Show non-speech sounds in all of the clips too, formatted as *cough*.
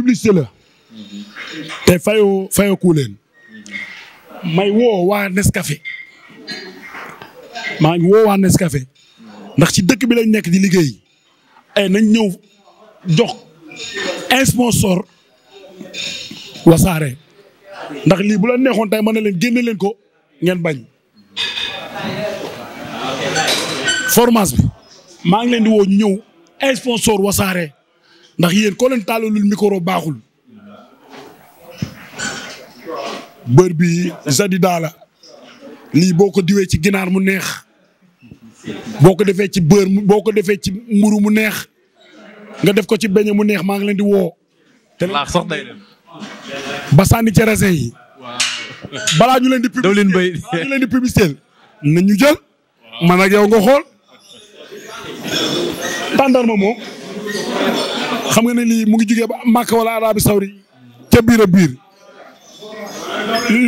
publicité la te fayoo fayoo may woo waa Nescafé maa ngi woo waa Nescafé ndax ci dëkk bi lañ nekk di liggéey ay eh, nañ ñëw jox sponsor wasaare ndax lii bu la neexoon tey mën na leen génne leen ko ngeen bañ formas bi maa ngi leen di woo ñu ñëw sponsor wasaare ndax yéen koo leen taalalul mikoro baaxul. bër bi jadida la lii boo ko diwee ci ginaar mu neex boo ko defee ci bër boo ko defee ci mburu mu neex nga def ko ci beñe mu neex maa ngi leen di woo. te laax sax day ba sànni ci raisin yi. balaa ñu leen di. dawlin bay balaa ñu leen di na ñu jël. man ak yow nga xool. tàndarma moom. xam nga ne lii mu ngi jugee ba Màkka wala Araabi Sawri ca biir a biir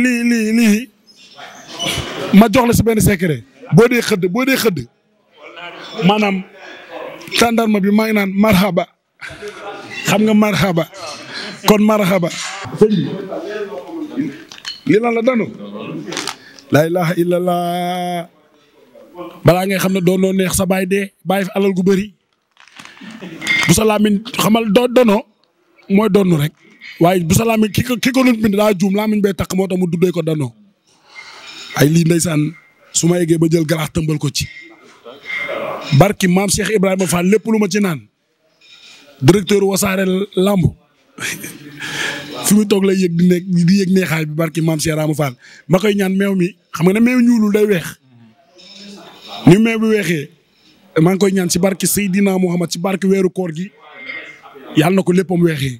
lii lii lii ma jox la si benn secret boo dee xëdd boo dee xëdd maanaam tàndarma bi maa ngi naan marhaba xam nga marhaba kon marhaba sëñ bi li lan la danu laa ilaha balaa ngay xam ne doon loo neex sa baay dee bàyyi fi alal gu bëri bu sa xamal doo dono mooy donnu rek waaye bu sa làmmiñ ki ko ki ko nit bind daa juum làmmiñ bay takk moo tax mu duddee ko danoo ay lii ndeysaan su ma yeggee ba jël garaax tëmbal ko ci barki maam Cheikh Ibrahima Fall lépp lu ma ci naan directeur wasaare làmb *laughs* fi mu toog lay yëg di di yëg neexaay bi barki maam Cheikh Ibrahima Fall ma koy ñaan meew mi xam ne meew ñuulul day weex ni meew bi weexee maa ngi koy ñaan ci barke Seydina Muhammad ci barke weeru koor gi yàlla na ko léppam weexee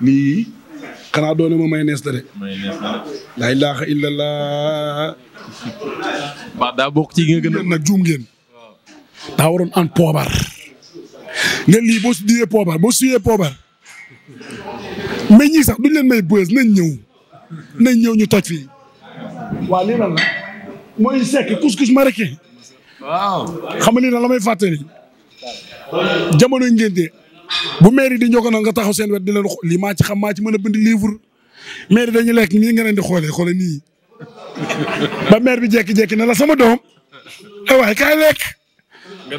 lii xanaa doone ma mayonnaise la de. mayonnaise la de. laa ilaaha ci nga gën a nag juum ngeen. daa waroon an poobar. nga lii boo suyee poobar boo suyee poobar. mais ñii sax duñ leen may bës nañ ñëw. nañ ñëw ñu toj fii. waa mooy sekk couscous marocain. waaw xam nga ni la may fàttali. jamono ngénte bu maire di njokk na nga taxaw seen wet di leen lii maa ci xam maa ci mën a bind livre maire dañuy lekk nii nga leen di xoolee xoole nii ba maire bi jékki-jékki ne la sama doom ay eh waay lekk.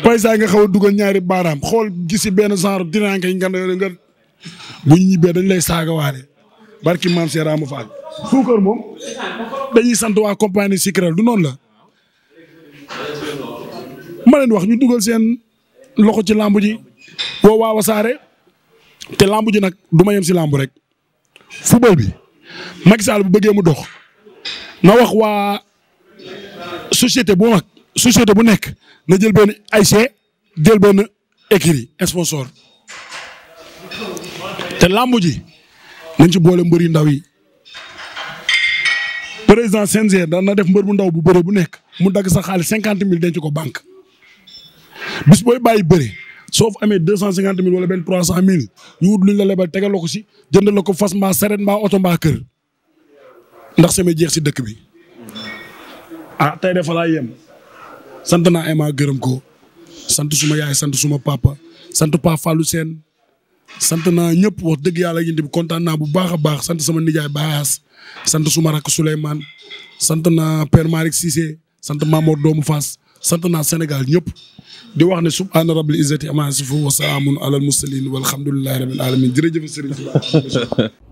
paysa nga xaw a dugal ñaari baaraam xool gisi benn genre dinañ koy nga nga bu ñu ñibbee dañ lay waale barki maam Seeraama Faal suukar moom dañuy sant waa compagnie sucrière du noonu la ma leen wax ñu dugal seen loxo ci làmb ji woo waa te làmb ji nag du ma si làmb rek football bi Macky Sall bu bëggee mu dox na wax waa société bu mag bu nekk na jël benn ASC jël benn écurie sponsor te làmb ji nañ ci boole mbër yu ndaw yi président CNG daan na def mbër bu ndaw bu bëre bu nekk mu dagg sa xaalis cinquante mille denc ko banque bis booy bàyyi bëri soo fa amee deux cent cinquante mille wala benn trois cent mille ñu wut luñ la lebal tegal la ko si jënd la ko fas mbaa saret mbaa oto mbaa kër ndax sama jeex si dëkk bi ah tey dafa laa yem sant naa gërëm ko sant suma yaay sant suma papa sant Pa Fallou Sène sant na ñëpp wax dëgg yàlla yéen bi kontaan naa bu baax a baax sant sama nijaay Bayaas sant suma rakk Souleymane sant na Père Malick Cissé sant Mamour doomu Fass sant naa Sénégal ñëpp di wax ne subhaana rabbil izzati amma yasifuun wa salaamun alal mursaliin walhamdulillahi rabbil alamin jërëjëf Serigne